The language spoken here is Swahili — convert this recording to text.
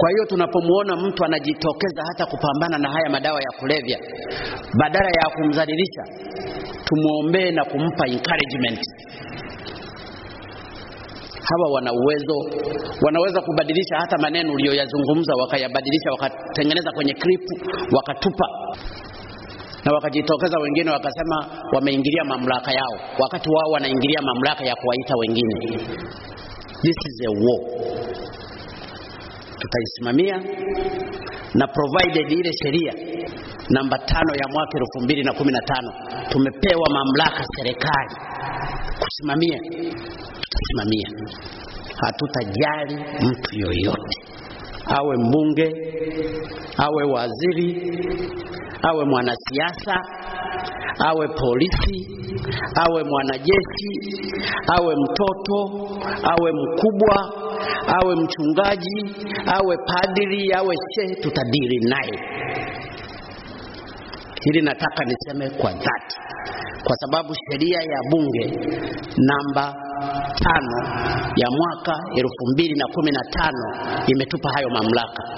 Kwa hiyo tunapomwona mtu anajitokeza hata kupambana na haya madawa ya kulevya, badala ya kumzalilisha tumwombee na kumpa encouragement. Hawa wana uwezo, wanaweza kubadilisha hata maneno uliyoyazungumza, wakayabadilisha, wakatengeneza kwenye klipu, wakatupa na wakajitokeza wengine wakasema wameingilia mamlaka yao, wakati wao wanaingilia mamlaka ya kuwaita wengine. This is a war tutaisimamia na provided ile sheria namba tano ya mwaka tano tumepewa mamlaka serikali kusimamia, tutasimamia. Hatutajali mtu yoyote, awe mbunge, awe waziri, awe mwanasiasa, awe polisi, awe mwanajeshi, awe mtoto, awe mkubwa awe mchungaji, awe padri, awe shehe, tutadiri naye. Hili nataka niseme kwa dhati, kwa sababu sheria ya bunge namba tano ya mwaka 2015 imetupa hayo mamlaka.